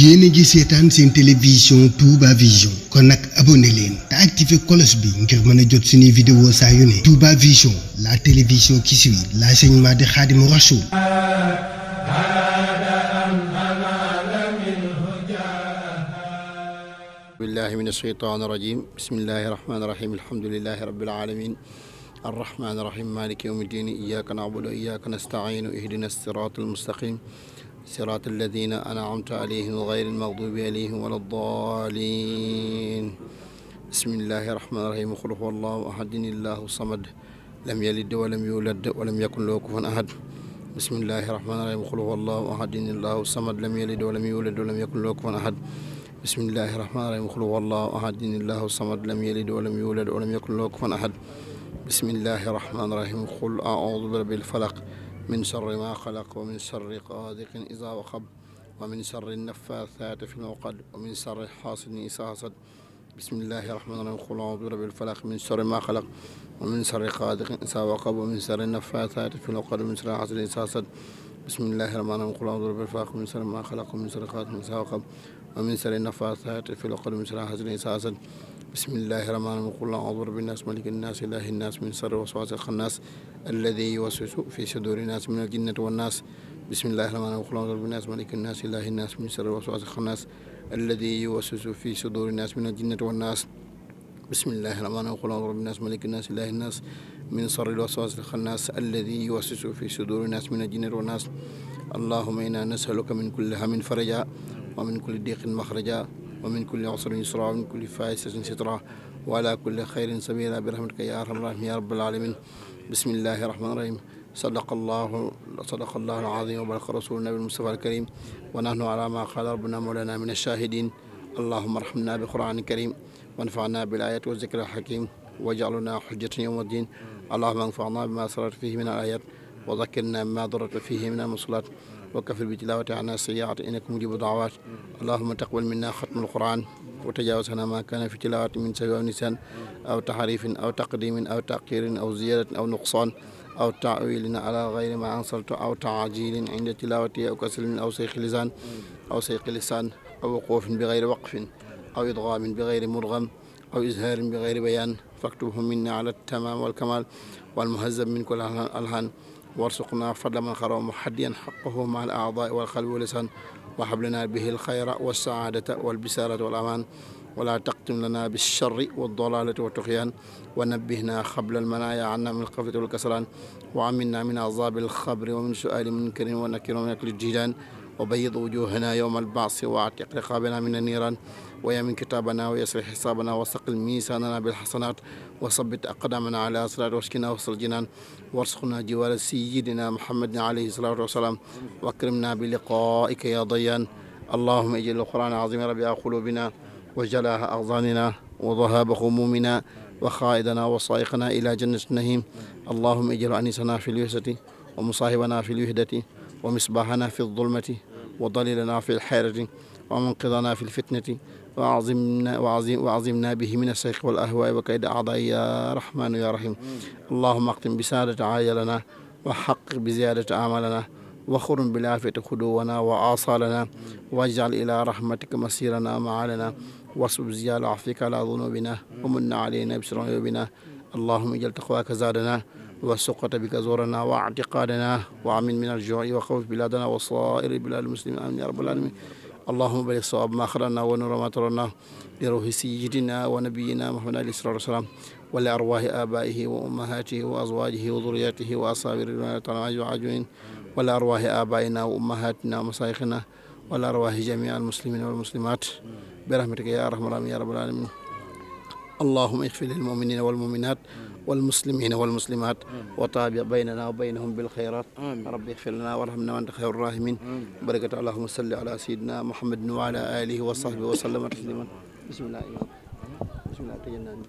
yéen a ngi seetaan seen télévision Touba Vision kon nag abonné leen te activé cloche bi ngir mën a jot suñuy vidéo saa yu ne Touba Vision la télévision qui suit l'enseignement de Khadimou Rassoul billahi min asheytaan rajim bismillahi rahmani rahim alhamdulilahi rabbil alamin arrahmani rahim maliki yawmi ddin iyaka nabudu wa iyaka nasta'in ihdina siratal mustaqim صراط الذين أنعمت عليهم غير المغضوب عليهم ولا الضالين بسم الله الرحمن الرحيم قل هو الله أحد الله الصمد لم يلد ولم يولد ولم يكن له كفوا أحد بسم الله الرحمن الرحيم قل هو الله أحد الله الصمد لم يلد ولم يولد ولم يكن له كفوا أحد بسم الله الرحمن الرحيم قل هو الله أحد الله الصمد لم يلد ولم يولد ولم يكن له كفوا أحد بسم الله الرحمن الرحيم قل أعوذ برب الفلق min sharri maa xalaq wa min sharri qaadiqin izaa waqab wa min sharri naffaasaati fil uqad wa min sharri haasidin izaa hasad bismillaahi rahmaani rahiim qul a'uuzu bi rabbil falaq min sharri maa xalaq wa min sharri qaadiqin izaa waqab wa min sharri naffaasaati fil uqad wa min sharri haasidin izaa hasad bismillaahi rahmaani rahiim qul a'uuzu bi rabbil falaq min sharri maa xalaq wa min sharri qaadiqin izaa waqab wa min sharri naffaasaati fil uqad wa min sharri haasidin izaa hasad bismillahi rahmaani rahiim qul a'uudu bi rabbi nnaas maliki nnaas ilaahi nnaas min sarri waswaasi xannaas alladi yuwaswisu fi suduuri nnaas min aljinnati wannaas bismillahi rahmaani rahiim qul a'uudu bi rabbi nnaas maliki nnaas ilaahi nnaas min sarri waswaasi xannaas alladi yuwaswisu fi suduuri nnaas min aljinnati wannaas bismillahi rahmaani rahiim qul a'uudu bi rabbi nnaas maliki nnaas ilaahi nnaas min sarri waswaasi xannaas alladi yuwaswisu fi suduuri nnaas min aljinnati wannaas allahumma innaa nasaluka min kulli hammin faraja wa min kulli diiqin maxraja wa min kulli usrin yusra wa min kulli faa'isatin sitra wa ala kulli xayrin sabila bi rahmatika ya arham rahim ya rabbal alamin bismillahi rahmani rahim sadaqa allahu sadaqa allahu alazim wa baraka rasulu nabi mustafa alkarim wa nahnu ala ma qala rabbuna mawlana min alshahidin allahuma arhamna bi qur'ani karim wanfa'na bil ayati wa zikri alhakim waj'alna hujjatan yawma din allahuma anfa'na bima sararta fihi min alayat wa zakkirna bima darata fihi min almusulat wa kafir bi tilawati anna sayiat innaka mujibu daawat allahuma taqbal minna xatma alquran wa tajawaz ana ma kana fi tilawati min sawi aw nisan aw taharifin aw taqdimin aw taqirin aw ziyadatin aw nuqsan aw taawilin ala gayri ma ansaltu aw taajilin inda tilawati aw kasilmin aw sayqi lisan aw sayqi lisan aw wuqufin bi gayri waqfin aw idgamin bi gayri mudgam aw izharin bi gayri bayan faktubhum minna ala tamam walkamal walmuhazab min kul alhan warsuqnaa fadlaman xarawma hadiyan xaqahu ma al aadaai wal qalbi wal lisaan wa hablanaa bihi al xayra wa saadata wal bisaarata wal amaan wala taqtim lana bi charri wa dalalati wa tuxyaan wa nabbihna xabla almanaaya anna min alxaflati wal kasalaan wa aminna min azaabi alxabri wa min suaali munkarin wa nakirin wa min akli jilaan wa bayid wujuhana yowma albaasi wa atiq riqaabana min anniiraan ويمن كتابنا ويسر حسابنا وثقل ميزاننا بالحسنات وثبت أقدامنا على صراط واشكنا وصل الجنان وارزقنا جوار سيدنا محمد عليه الصلاة والسلام واكرمنا بلقائك يا ضيان اللهم اجعل القرآن العظيم ربيع قلوبنا وجلاها أغضاننا وذهاب همومنا وخائدنا وصائقنا إلى جنة النهيم اللهم اجعل أنيسنا في الوحدة ومصاحبنا في الوحدة ومصباحنا في الظلمة وضليلنا في الحيرة ومنقذنا في الفتنة وعظمنا وعظم وعظمنا به من الشيخ والأهواء وكيد أعضاء يا رحمن يا رحيم اللهم اختم بسادة عاجلنا وحقق بزيادة أعمالنا وخرم بالعافية خدونا وآصالنا واجعل إلى رحمتك مسيرنا معالنا واصب زيال عفوك على ذنوبنا ومن علينا بسر عيوبنا اللهم اجعل تقواك زادنا وسقط بك زورنا واعتقادنا وعمن من الجوع وخوف بلادنا وصائر بلاد المسلمين آمين يا رب العالمين اللهم بلغ صواب ما خرنا ونور ما ترنا لروح سيدنا ونبينا محمد عليه الصلاة والسلام ولأرواح آبائه وأمهاته وأزواجه وذرياته وأصحابه رضوان الله وعجوين ولأرواح آبائنا وأمهاتنا ومشايخنا ولأرواح جميع المسلمين والمسلمات برحمتك يا أرحم الراحمين يا رب العالمين اللهم اغفر للمؤمنين والمؤمنات والمسلمين والمسلمات وطابع بيننا وبينهم بالخيرات ربي اغفر لنا وارحمنا وانت خير الراحمين بركة اللهم صل على سيدنا محمد وعلى آله وصحبه وسلم تسليما بسم الله بسم الله تجنان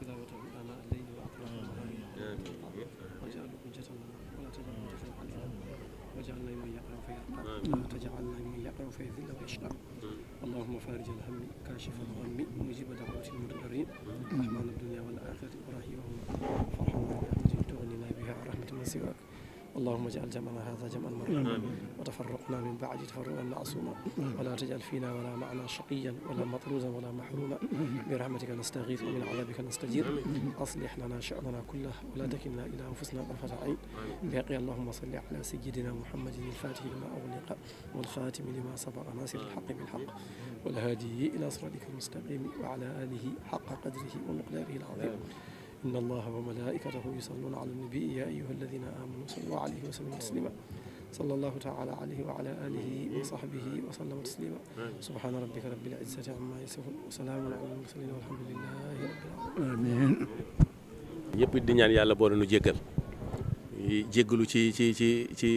تلاوته ولا تجعلنا ممن يقع في الذل ويشقى اللهم فارج الهم كاشف الغم مجيب دعوة المضطرين رحمن الدنيا والآخرة إبراهيم فرحمنا بها تغنينا بها رحمة من سواك اللهم اجعل جمعنا هذا جمعا مرحوما وتفرقنا من بعد تفرقا معصوما ولا تجعل فينا ولا معنا شقيا ولا مطرودا ولا محروما برحمتك نستغيث ومن عذابك نستجير اصلح لنا شأننا كله ولا تكلنا الى انفسنا طرفة عين باقي اللهم صل على سيدنا محمد الفاتح لما اغلق والخاتم لما سبق ناصر الحق بالحق والهادي الى صراطك المستقيم وعلى اله حق قدره ومقداره العظيم inna allaha wa malaikatahu yusalluna ala nabi ya ayuha alladina amanu sallu alayhi wa sallimu taslima sallallahu taala alayhi wa ala alihi wa sahbihi wa sallama taslima subhana rabbika rabbil izzati amma yasifun wa salamun ala al mursalin walhamdulillahi rabbil alamin amin ñëpp di ñaan yàlla boole nu jéggal jéggalu ci ci ci ci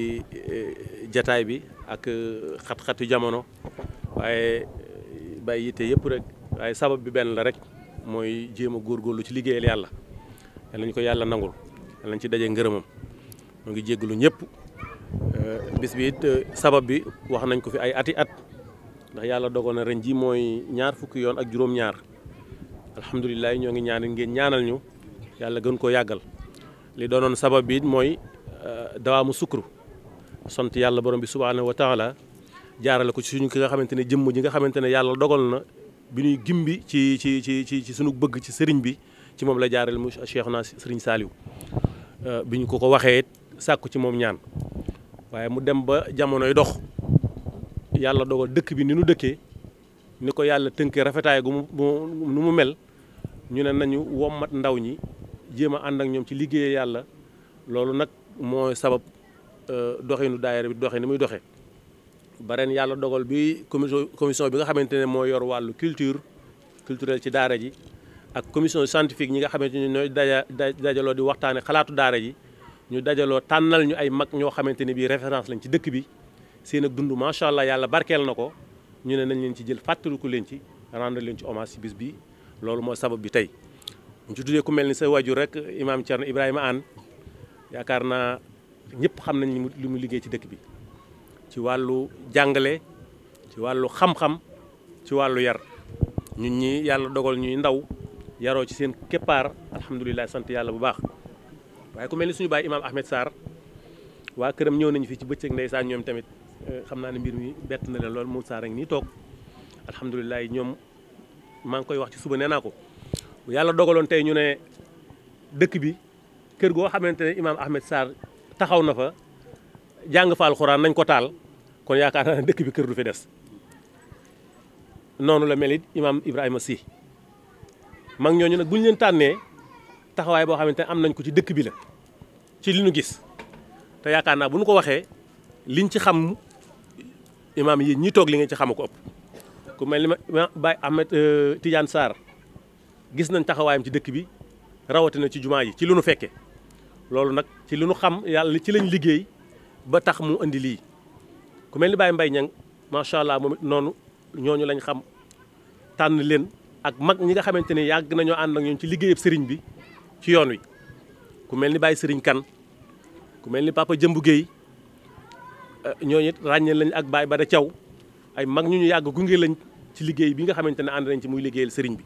jataay bi ak xat-xatu jamono waaye bàyyi yitte yëpp rek waaye sabab bi benn la rek mooy jéem a góorgóorlu ci liggéeyal yàlla yal nañu ko yàlla nangul yal nañu ci daje ngërëmam moo ngi jéggalu ñëpp euh, bis bi it euh, sabab bi wax nañ ko fi ay ati at ndax yàlla dogoon na ren ji mooy ñaar fukki yoon ak juróom-ñaar alhamdulilah ñoo ngi ñaan ngeen ñaanal ñu yàlla gën koo yàggal li doonoon sabab bi it mooy euh, dawaamu sukkur sont yàlla borom bi subhaanahu wa taala jaarale ko ci suñu ki nga xamante ne jëmm ji nga xamante ne yàlla dogal na bi ñuy gimbi ci ci ci ci suñu bëgg ci sëriñ bi ci moom la jaarale mu Cheikh na Serigne Saliou euh, bi ñu ko ko waxee sàkku ci moom ñaan waaye mu dem ba jamonoy dox yàlla dogal dëkk bi ni nu dëkkee ni ko yàlla tënkee rafetaay gu mu nu mu mel ñu ne nañu wommat ndaw ñi jéem a ànd ak ñoom ci liggéey yàlla loolu nag mooy sabab euh, doxinu daayira bi doxe ni muy doxe bareen yàlla dogal bi commission commission bi nga xamante ne moo yor wàllu culture culturel ci daara ji ak commission scientifique ñi nga xamante ni nooy daja dajaloo di waxtaane xalaatu daara yi ñu dajaloo tànnal ñu ay mag ñoo xamante ni bii référence lañ ci dëkk bi seen ak dund macha allah yàlla barkeel na ko ñu ne nañ leen ci jël fàttaliku leen ci rendre leen ci hommage ci bis bi loolu mooy sabab bi tey. ñu ci tuddee ku mel ni sa waajur rek imaam Thierno Ibrahima Anne yaakaar naa ñëpp xam nañ li mu liggéey ci dëkk bi ci wàllu jàngale ci wàllu xam-xam ci wàllu yar ñun yàlla dogal ñuy ndaw. yaroo ci seen keppaar alhamdulilah sant yàlla bu baax waaye ku mel ni suñu baay imaam Ahmed saar waa këram ñëw nañu fii ci bëccëg ndeysaan ñoom tamit eh, xam naa ne mbir mi bett na leen lool mu Sarr rek nii toog alhamdulilah ñoom maa ngi koy wax ci suba nee naa ko yàlla dogaloon tey ñu ne dëkk bi kër goo xamante ne imaam Ahmed Sarr taxaw na fa jàng fa alxuraan nañ ko taal kon yaakaar naa ne dëkk bi kër du fi des noonu la mel it imaam Ibrahima Sy mag ñooñu nag bu ñu leen tànnee taxawaay boo xamante ne am nañ ko ci dëkk bi la ci li nu gis te yaakaar naa bu ñu ko waxee liñ ci xam imaam yi ñi toog li ngeen ci xamu ko ëpp ku mel ni ma Baye Ahmed euh, Tidiane Sarr gis nañ taxawaayam ci dëkk bi rawatina ci jumaa yi ci lu nu fekkee loolu nag ci lu nu xam yàlla ci lañ liggéey ba tax mu indi lii ku mel ni Baye mbay Niang macha allah moom noonu ñooñu lañ xam tànn leen. ak mag ñi nga xamante ne yàgg nañoo ànd ak ñoom ci liggéeyab sëriñ bi ci yoon wi ku mel ni Baye Sëriñ Kan ku mel ni Papa Jëmbu Guèye eh, ñooñu it ràññee lañ ak Baye Bada caw ay mag ñu ñu yàgg gunge lañ ci liggéey bi nga xamante ne ànd nañ ci muy liggéeyal sëriñ bi.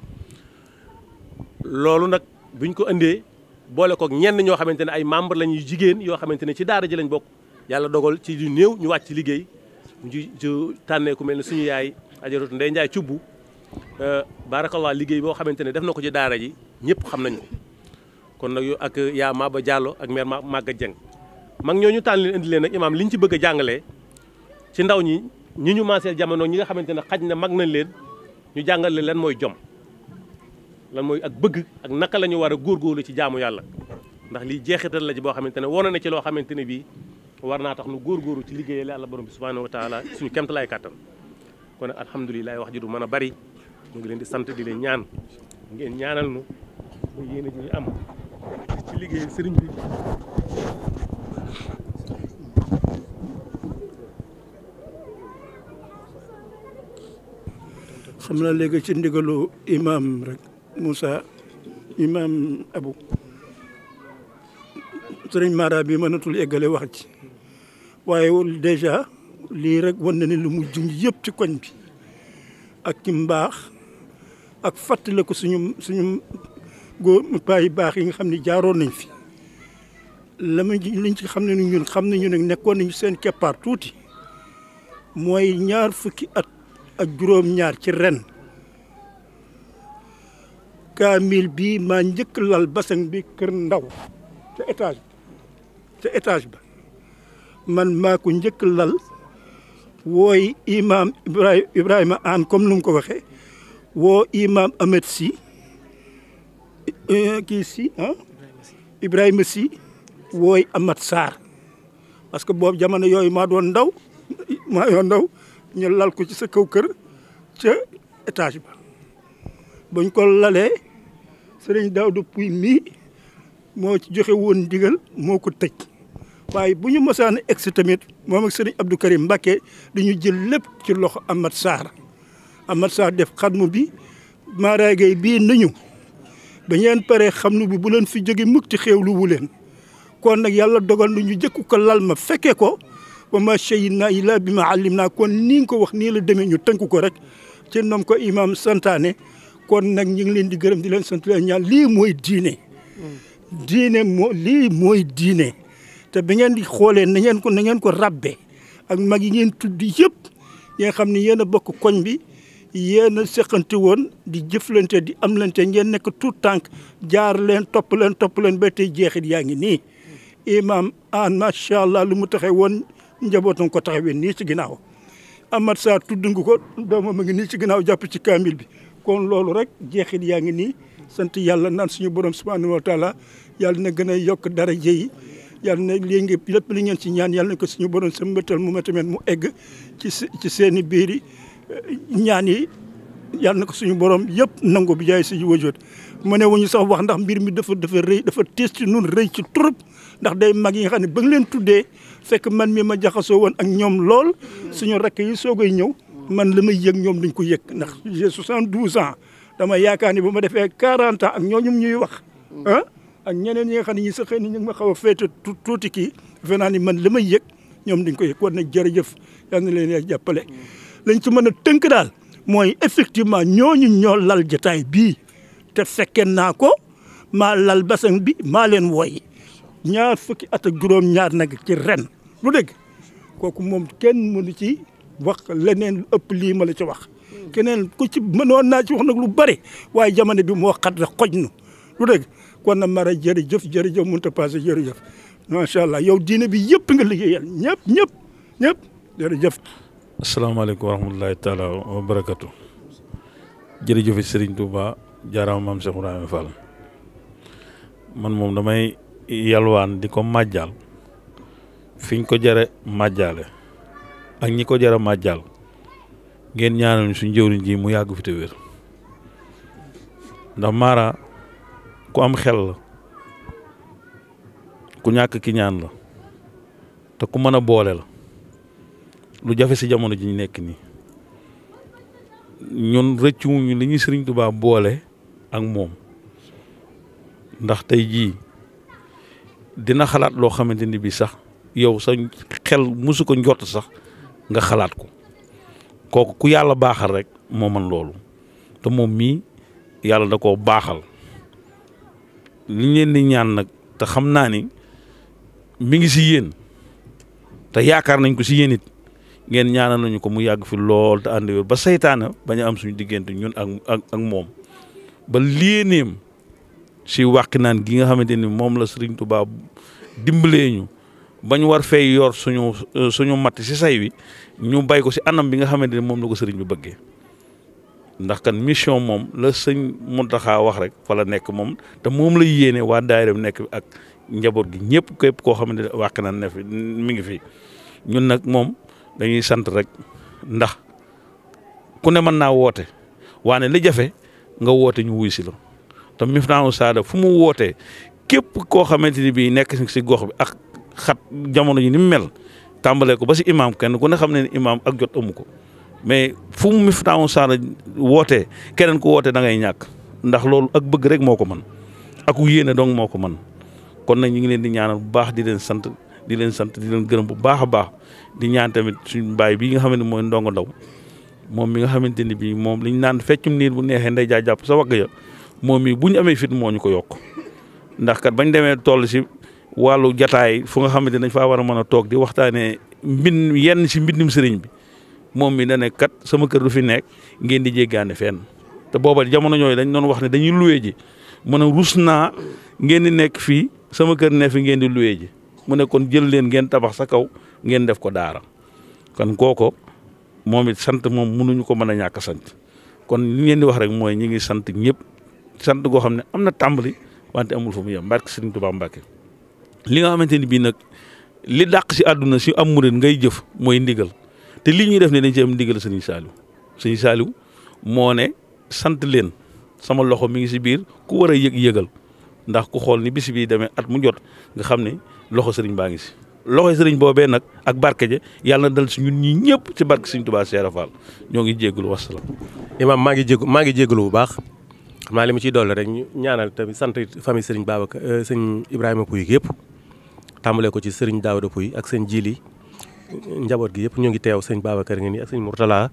loolu nag buñ ko indee boole kook ñenn ñoo xamante ne ay membre lañ yu jigéen yoo xamante ne ci daara ji lañ bokk yàlla dogal ci néew ñu wàcc ci liggéey ñu tànnee ku mel ni suñu yaay ajaratu Ndey Njaay cubbu Euh, baarakallaa liggéey boo xamante ne def na ko ci daara ji ñëpp xam nañu kon nag yow ak yaa Maba Diallo ak maire Maguette Dieng mag ñooñu tànn leen indi leen nag imaam li ñu ci bëgg a jàngalee ci ndaw ñi ñi ñu maasee jamono ñi nga xamante ne xaj na mag nañ leen ñu jàngale lan mooy jom lan mooy ak bëgg ak naka la ñu war a góorgóorlu ci jaamu yàlla ndax lii jeexital la ci boo xamante ne wane na ci loo xamante ne bii war naa tax nu góorgóorlu ci liggéeyal yàlla borom bi subhanahu wa taala suñu kemtalaay kàttan kon nag alhamdulilah wax ji du mën a bari ñu ngi leen di sant di ñaan ngeen ñaanal a bi xam naa léegi ci ndigalu imam rek Moussa imam Abou sëriñ Mara bi mënatul eggale wax ci waaye déjà lii rek wan na ne lu mu junj yëpp ci koñ bi ak ci mbaax ak fàttaliku suñu suñu góor paay baax yi nga xam ni jaaroon nañ fi la ma liñ ci xam ne ñun xam nañu ne nekkoon nañu seen keppaar tuuti mooy ñaar fukki at ak juróom-ñaar ci ren kaamil bii maa njëkk lal basan bi kër ndaw ca étage ca étage ba man maa ko njëkk lal wooy imaam Ibrahima Ibrahima aan comme nu mu ko waxee woo imam Ahmed si euh, kii si ah, Ibrahima si wooy Amat Sarr parce que boobu jamono yooyu maa doon ndaw maa yoon ndaw ñu lal ko ci sa kaw kër ca étage ba buñ ko lalee sëriñ Daawdu Puy mi moo ci joxe woon ndigal moo ko tëj waaye bu ñu mosaan egsi tamit moom ak sëriñ Abdou Karim Mbacké jël lépp ci loxo Amat Sarr Amath Sarr def xadmu bi Mara bi bii nañu ba ngeen paree xam nu bi bu leen fi jóge mukk ci xéewlu wu leen kon nag yàlla dogal na ñu jëkku ko lal ma fekkee ko wa ma shahidnaa illaa bimaa allimnaa kon ni nga ko wax nii la demee ñu tënku ko rek ci nom ko imaam santaane kon nag ñu ngi leen di gërëm di leen sant leen ñaan lii mooy diine. diine lii mooy diine te bi ngeen di xoolee na ngeen ko na ngeen ko rabbe ak mag yi ngeen tudd yëpp ngeen xam ni yéen a bokk koñ bi. yéen a seqante woon di jëflante di amlante ngeen nekk tout tànk jaar leen topp leen topp leen ba tey jeexit yaa ngi nii imam an macha allah lu mu taxe woon njabootam ko taxawee nii ci ginnaaw Amath Sarr tudd nga ko doomam a ngi nii ci ginnaaw jàpp ci kaamil bi kon loolu rek jeexit yaa ngi nii sant yàlla naan suñu borom subhanahu wa taala yàlla na gën a yokk dara yi yàlla na léegi lépp li ngeen ci ñaan yàlla na ko suñu borom sa mbëttal mu ma tamit mu egg ci ci seen i biir yi ñaan yi yàlla na ko suñu borom yëpp nangu bi jaay suñu wajoot mu ne wuñu sax wax ndax mbir mi dafa dafa rëy dafa tiis ci nun rëy ci trop ndax day mag yi nga xam ne ba nga leen tuddee fekk man mi ma jaxasoo woon ak ñoom lool suñu rakk yi soogay ñëw man la may yëg ñoom duñ ko yëg ndax j'ai soixante-douze ans dama yaakaar ni bu ma defee quarante ans ak ñooñum ñuy wax ah ak ñeneen ñi nga xam ne ñi sax xëy na ñu ma xaw a féete tuuti kii defe man la may yëg ñoom duñ ko yëg war na jërëjëf yal na leen lañ ci mën a tënk daal mooy effectivement ñooñu ñoo lal jotaay bii te fekkee naa ko maa lal basang bi maa leen woy ñaar fukki at ak juróom ñaar nag ci ren lu dégg kooku moom kenn mënu ci wax leneen ëpp lii ma la ci wax keneen ku ci mënoon naa ci wax nag lu bari waaye jamono bi moo xat la xoj nu lu dégg kon na mara jëf jërëjëf mënut a passé jërëjëf macha allah yow diine bi yëpp nga liggéeyal ñëpp ñëpp ñëpp jërëjëf asalaamaaleykum wa rahmatulahi taala wa barakatu jërëjëf Serigne Touba jaaraama maam Cheikh Ibrahima Fall man moom damay yalwaan di ko màjjaal fiñ ko jare màjjaale ak ñi ko jara màjjaal ngeen ñaanal suñ jëwriñ ji mu yàgg fi te wér ndax Mara ku am xel la ku ñàkk ki ñaan la te ku mën a boole lu jafe si jamono ji ñu nekk nii ñon rëccuwuñu li ñuy sëriñ Tuubaa boole ak moom ndax tey jii dina xalaat loo xamante ni bii sax yow sa xel musu ko njort sax nga xalaat ko kooku ku yàlla baaxal rek moo man loolu te moom mii yàlla da koo baaxal ni leen di ñaan nag te xam naa ni mi ngi si yéen te yaakaar nañ ko si yéen it ngeen ñaanal nañu ko mu yàgg fi lool te ànd ba seytaane bañ am suñu diggante ñun ak ak moom ba léeneem si naan gi nga xamante ni moom la Serigne Touba dimbalee ñu bañ war fay yor suñu suñu matt si wi ñu bay ko si anam bi nga xamante ni moom la ko Serigne bi bëggee ndax kan mission moom la sëñ Mountakha wax rek fa la nekk moom te moom la yéene waa daayira nekk ak njaboot gi ñëpp képp koo xamante ne wàqinaan ne fi mi ngi fi ñun nag moom. dañuy sant rek ndax ku ne mën naa woote waane li jafe nga woote ñu wuy si la te Miftaahou Saada fu mu wootee képp koo xamante ni bii nekk si gox bi ak xat jamono ji ni mu mel tàmbalee ko ba si imaam kenn ku ne xam ne ne imaam ak jot amu ko mais fu mu Miftaahou Saada woote keneen ku woote da ngay ñàkk ndax loolu ak bëgg rek moo ko mën ak yéene dong moo ko mën kon nag ñu ngi leen di ñaanal bu baax di leen sant. di leen sant di leen gërëm bu baax a baax di ñaan tamit suñu baay bii nga xam mooy ndongo ndaw moom mi nga xamante ni bii moom liñ naan feccum niir bu neexee ndey jaa jàpp sa wagg ya moom mi bu ñu amee fit moo ñu ko yokk ndax kat bañ demee toll si wàllu jataay fu nga xamante dañ faa war a mën a toog di waxtaanee mbin yenn si mbindum sëriñ bi moom mi da ne kat sama kër du fi nekk ngeen di jéggaane fenn te booba jamono ñooyu dañ doon wax ne dañuy luwee ji mën a rus naa ngeen di nekk fii sama kër ne fi ngeen di luwee ji mu ne kon jël leen ngeen tabax sa kaw ngeen def ko daara kon kooko moom it sant moom mënuñu ko mën a ñàkk sant kon li ngeen di wax rek mooy ñi ngi sant ñëpp sant goo xam ne am na tàmbali wante amul fu mu yem mbarke Sëriñ Tuubaa Mbàkke li nga xamante ni bii nag li dàq si àdduna si am murit ngay jëf mooy ndigal te li ñuy def ne dañ ci am ndigal Sëriñ Saaliw Sëriñ Saaliw moo ne sant leen sama loxo mi ngi si biir ku war a yëg yëgal ndax ku xool ni bis bi demee at mu jot nga xam ne loxo sëriñ baa ngi si loxo sëriñ boobee nag ak barke je na dal si ñun ñii ñëpp ci barke sëriñ Tuubaa Seera Faal ñoo ngi jégalu wasalaam. imaam maa ngi jégalu maa ngi jégalu bu baax xam naa li mu ciy dolli rek ñu ñaanal tamit sant fami sëriñ Babacar euh, sëriñ Ibrahima Pouy yëpp tàmbalee ko ci sëriñ Daouda Pouy ak sëriñ Jili njaboot gi yëpp ñu ngi teew sëñ Babacar ngi nii ak sëriñ Mourtala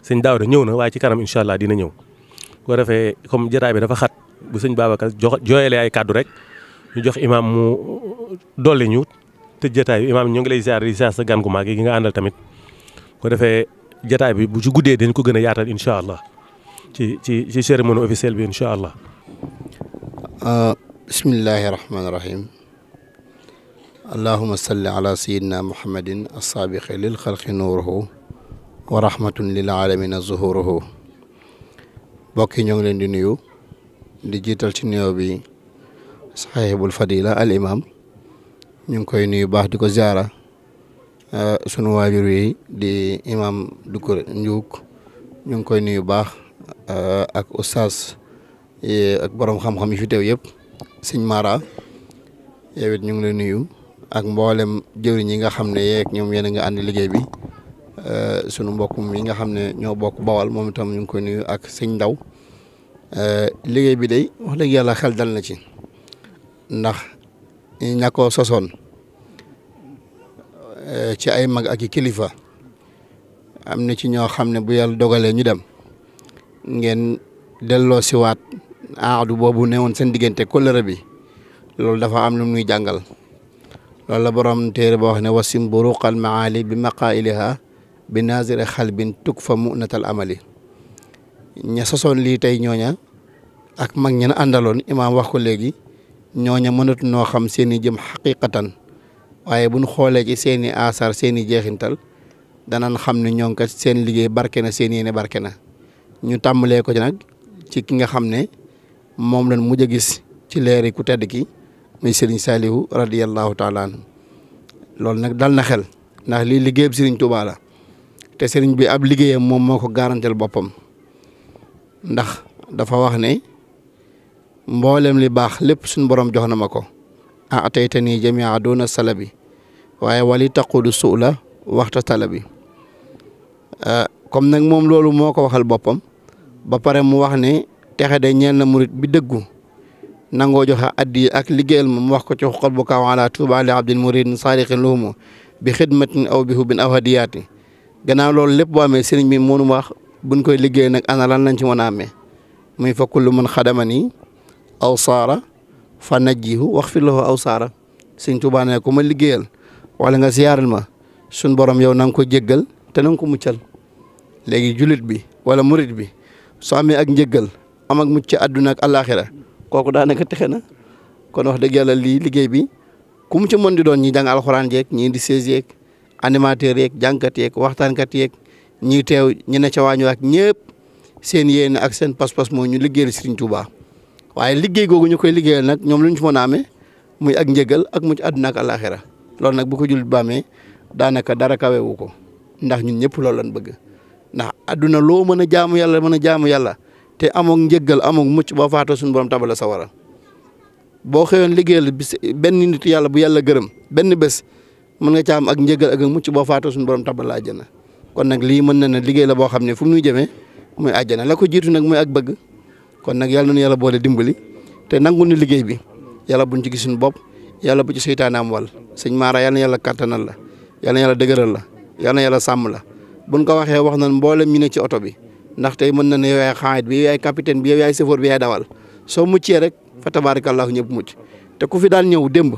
sëriñ Daouda ñëw na waaye ci kanam incha allah dina ñëw bu ko defee comme jotaay bi dafa xat bu sëñ Babacar joxe jooyalee ay kàddu ñu jox imaam mu dolli ñu te jataay bi imaam ñu ngi lay ziar di sa gan gu mag gi nga àndal tamit ko defee jataay bi bu ci guddee dañ ko gën a yaatal incha allah ci ci ci cérémonie officielle bi incha allah. Ah, bismillahi rahmaani rahim. allahuma salli ala sayidina muhammadin asaabiqi lil xalqi nuuruhu wa lil aalamina zuhuruhu. mbokk yi ñoo ngi leen di nuyu. di jiital ci nuyoo bi. saxibul fadila al imam ñu ngi koy nuyu baax di ko zaara euh, sunu waajur wi di imam Dukur Njuuk ñu ngi koy nuyu baax euh, ak ustaas ak borom xam-xam yi fi teew yëpp sëñ Mara yow it ñu ngi lay nuyu ak mboolem jëwriñ ñi nga xam ne yeeg ñoom yéen a nga ànd liggéey bi euh, sunu mbokk mi nga xam ne ñoo bokk bawal moom itam ñu ngi koy nuyu ak sëñ Ndaw liggéey bi day wax dëgg yàlla xel dal na ci. ndax ña ko sosoon eh, ci ay mag ak i kilifa am na ci ñoo xam ne bu yàlla dogalee ñu dem ngeen delloo siwaat aadu boobu newoon seen diggante kóllëre bi loolu dafa am lu muy jàngal loolu la borom téere boo wax ne wasim buruqal maali bi maqailiha bi nazire xalbin tuk fa mu natal amali ña sosoon lii tey ñooña ak mag ñen àndaloon imaam wax ko léegi ñooña mënatu noo xam seeni jëm xaqiqatan waaye bu buñ xoolee ci seeni i seeni jeexintal danañ xam ne ñoom kat seen liggéey barke na seen yéene barke na ñu tàmbalee ko ci nag ci ki nga xam ne moom lañ mujj a gis ci leeri ku tedd ki muy Serigne Saliou radiyallahu taala anhu loolu nag dal na xel ndax lii liggéeyam Serigne Touba te Serigne bi ab liggéeyam moom moo ko garantel boppam ndax dafa wax ne. mboolem li baax lépp suñ boroom jox na ma ko ah atayta nii jamia doona salabi waaye wali taqudu su la waxta talabi euh, comme nag moom loolu moo ko waxal boppam ba pare mu wax ne texe de ñeel na murit bi dëggu nangoo joxe addi ak liggéeyal ma mu wax ko ci xol bu kaaw ala tuuba li abdil muridin saadiqin luhumu bi xidmatin aw bi hubin aw hadiyaati gannaaw loolu lépp boo amee sëriñ bi mënu wax buñ koy liggéey nag ana nañ ci mën a amee muy fa kullu man xadama nii aw saara fa najjihu wax fi aw saara sëñ Tuubaa ne ku ma liggéeyal wala nga siyaaral ma suñ borom yow na nga ko jéggal te na ko muccal léegi julit bi wala murit bi soo amee ak njëggal am ak mucc àdduna ak àllaaxira kooku daanaka texe na kon wax dëgg yàlla lii liggéey bi ku mu ci mën di doon ñi jàng alxuraan yeeg ñi indi sees yeeg animateur yeeg jàngkat yeeg waxtaankat yeeg ñi teew ñi ne ca waañu ak ñëpp seen yéene ak seen pas-pas moo ñu liggéeyal Sëriñ Tuubaa waaye liggéey googu ñu koy liggéeyal nag ñoom lu ñu ci mën a amee muy ak njëgal ak mucc àdduna ak àllaaxira loolu nag bu ko jul bàmmee daanaka dara kawewu ko ndax ñun ñëpp loolu lañ bëgg ndax adduna loo mën a jaamu yàlla mën a jaamu yàlla te amoog njëgal amoog mucc boo faatoo suñu borom tabala sa boo xëyoon liggéeyal bis benn nit yàlla bu yàlla gërëm benn bés mën nga caa ak njëgal ak mucc boo faatoo suñu borom tabala àjjana kon nag lii mën na ne liggéey la boo xam ne fu muy jëmee muy àjjana la ko jiitu nag muy ak bëgg kon nag yàlla nañu yàlla boole dimbali te nangu ñu liggéey bi yàlla buñ ci gis suñu bopp yàlla bu ci seytaane am wàll sëñ Mara yàlla na yàlla kattanal la yàlla na yàlla dëgëral la yàlla na yàlla sàmm la buñ ko waxee wax nañ mboolem ñu ne ci oto bi ndax tey mën na ne yow yaay xaayit bi yow yaay capitaine bi yow yaay chauffeur bi yaay dawal soo muccee rek fa tabaarakallaahu ñëpp mucc te ku fi daan ñëw démb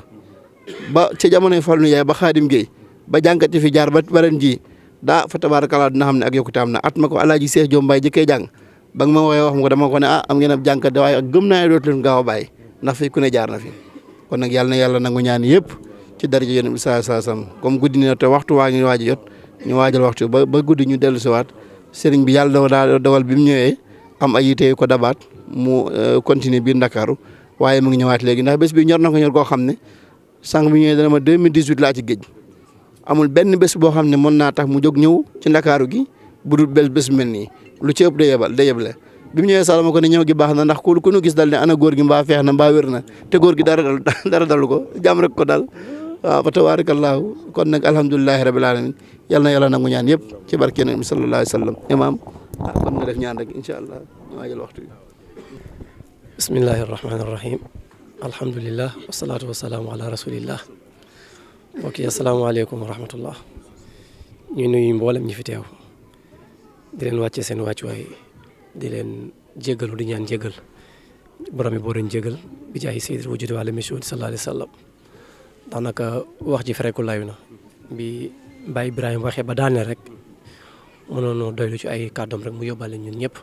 ba ca jamonoy Fallou yaay ba Xaadim Gueye ba jànkati fi jaar ba baren ji daa fa tabaarakallaahu dina xam ne ak yokkute am na at ma ko alaaji Seex Jom Mbaay jëkkee jàng ba nga ma woowee wax ma ko ko ne ah, am ngeen ab jànkat waaye ak gëm naa ne dootu leen gaaw a bàyyi ndax fi ku ne jaar na fi kon nag yàlla na yàlla nangu ñaan yëpp ci daraja yonent bi sallallahu alayhi wasallam comme guddi na te waxtu waa a jot ñu waajal waxtu ba ba guddi ñu dellu siwaat sëriñ bi yàlla daa dogal bi mu ñëwee am ay yite yu ko dabaat mu euh, continuer biir Ndakaaru waaye mu ngi ñëwaat léegi ndax bés bi ñor na ko ñor goo xam ne sànq bi ñëwee dana ma 2018 laa ci géej amul benn bés boo xam ne mën naa tax mu jóg ñëw ci Ndakaaru gi bu dul bel bés mel nii lu ci ëpp day yebal day yeble bi mu ñëwee Sall ma ko ne ñëw gi baax na ndax ku ku ñu gis dal ne ana góor gi mbaa feex na mbaa wér na te góor gi dara dal dara dalu ko jàmm rek ko dal waaw fa tabaarakallaahu kon nag alhamdulilahi rabil alamin yal na yàlla nangu ñaan yëpp ci barke Yonent bi sallallaahu alayhi wa sallam imaam ah kon nga def ñaan rek incha allah maa jël waxtu bi bismillahi rahmaani rahim alhamdulilah wasalaatu wasalaamu ala rasulillah mbokk yi asalaamaaleykum wa rahmatullah ñu nuyu mboolem ñi fi teew di leen wàcce seen wàccuwaay di leen jéggalu di ñaan jéggal borom yi boo leen jéggal bi jaay sayyidil wujuudi wal mashuud sallallaahu alayhi wa sallam daanaka wax ji fereku layu na bi Baye Ibrahima waxee ba daane rek mënoon doylu ci ay kàddoom rek mu yóbbaale ñun ñëpp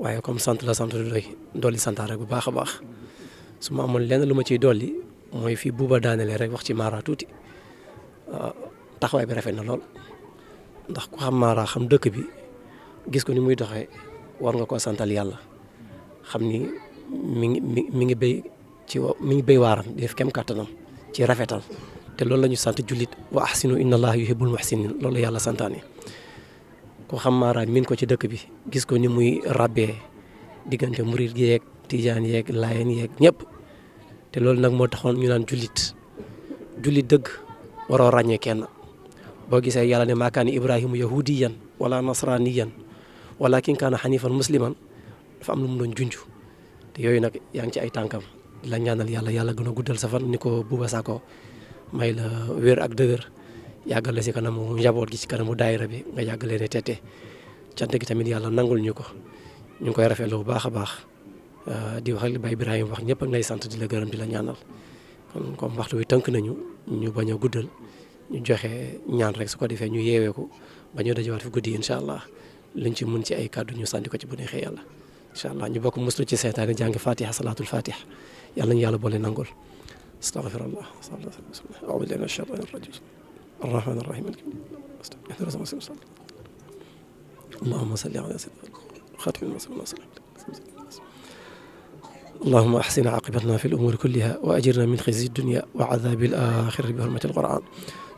waaye comme sant la sant du doy dolli santaat rek bu baax a baax su ma amoon lenn lu ma ciy dolli mooy fii buuba daanelee rek wax ci Mara tuuti ah, taxawaay bi rafet na lool ndax ku xam Mara xam dëkk bi. gis ko ni muy doxee war nga koo santal yàlla xam ni mi ngi mi ngi béy ci ngi béy waaram di def kem kàttanam ci rafetal te loolu la sant jullit wa ahsinu inna allaha yuhibbul muhsinin loolu yàlla santaane ko xam maaraan min ko ci dëkk bi gis ko ni muy rabbee diggante murit yeeg tijaan yeeg laayeen yeeg ñëpp te loolu nag moo taxoon ñu naan jullit jullit dëgg waroo ràññee kenn boo gisee yàlla ne maakaani ibrahima yahudiyan wala nasraniyan walakin kaana xanifan musliman dafa am lu mu doon junj te yooyu nag yaa ngi ci ay tànkam di la ñaanal yàlla yàlla gën guddal sa fan ni ko Bouba saako may la wér ak dëgër yàggale si kanamu njaboot gi si kanamu daayira bi nga yàggalee ne tete cant ki tamit yàlla nangul ñu ko ñu ngi koy rafetlu bu baax a baax euh, di wax ak li Baye Ibrahima wax ñëpp ak lay sant di la gërëm di la ñaanal kon comme waxtu wi tënk nañu ñu bañ a guddal ñu joxe ñaan rek su ko defee ñu yeewee ko ba ñu dajewaat fi guddi allah. lañ ci mën ci ay kàddu ñu sànni ko ci bu neexee yàlla incha allah ñu bokk muslu ci seytaane jàngi fatiha salaatul fatiha yàlla ñu yàlla boole nangul astaghfirullah a'uudu billahi mina shaytaani rajiim arrahmaani rahiim allahumma salli ala sayyidina xaatimi allahumma ahsin aqibatna fi l-umuuri kullihaa wa ajirna min xizyi d-dunyaa wa azaabil aaxirati bi hurmatil qur'aan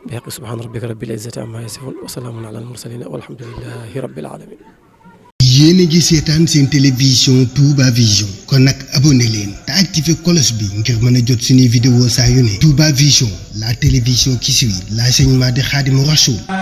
bi xaqi subhaana rabbika rabbil izzati amma yasifun wa salaamun ala al mursalin walhamdulillahi rabbil alamin yéen a ngi seetaan seen télévision Touba Vision ko nag abonné leen te activé cloche bi ngir mën a jot suñuy vidéo saa yu ne Touba Vision la télévision qui suit l'enseignement de Khadimou Rassoul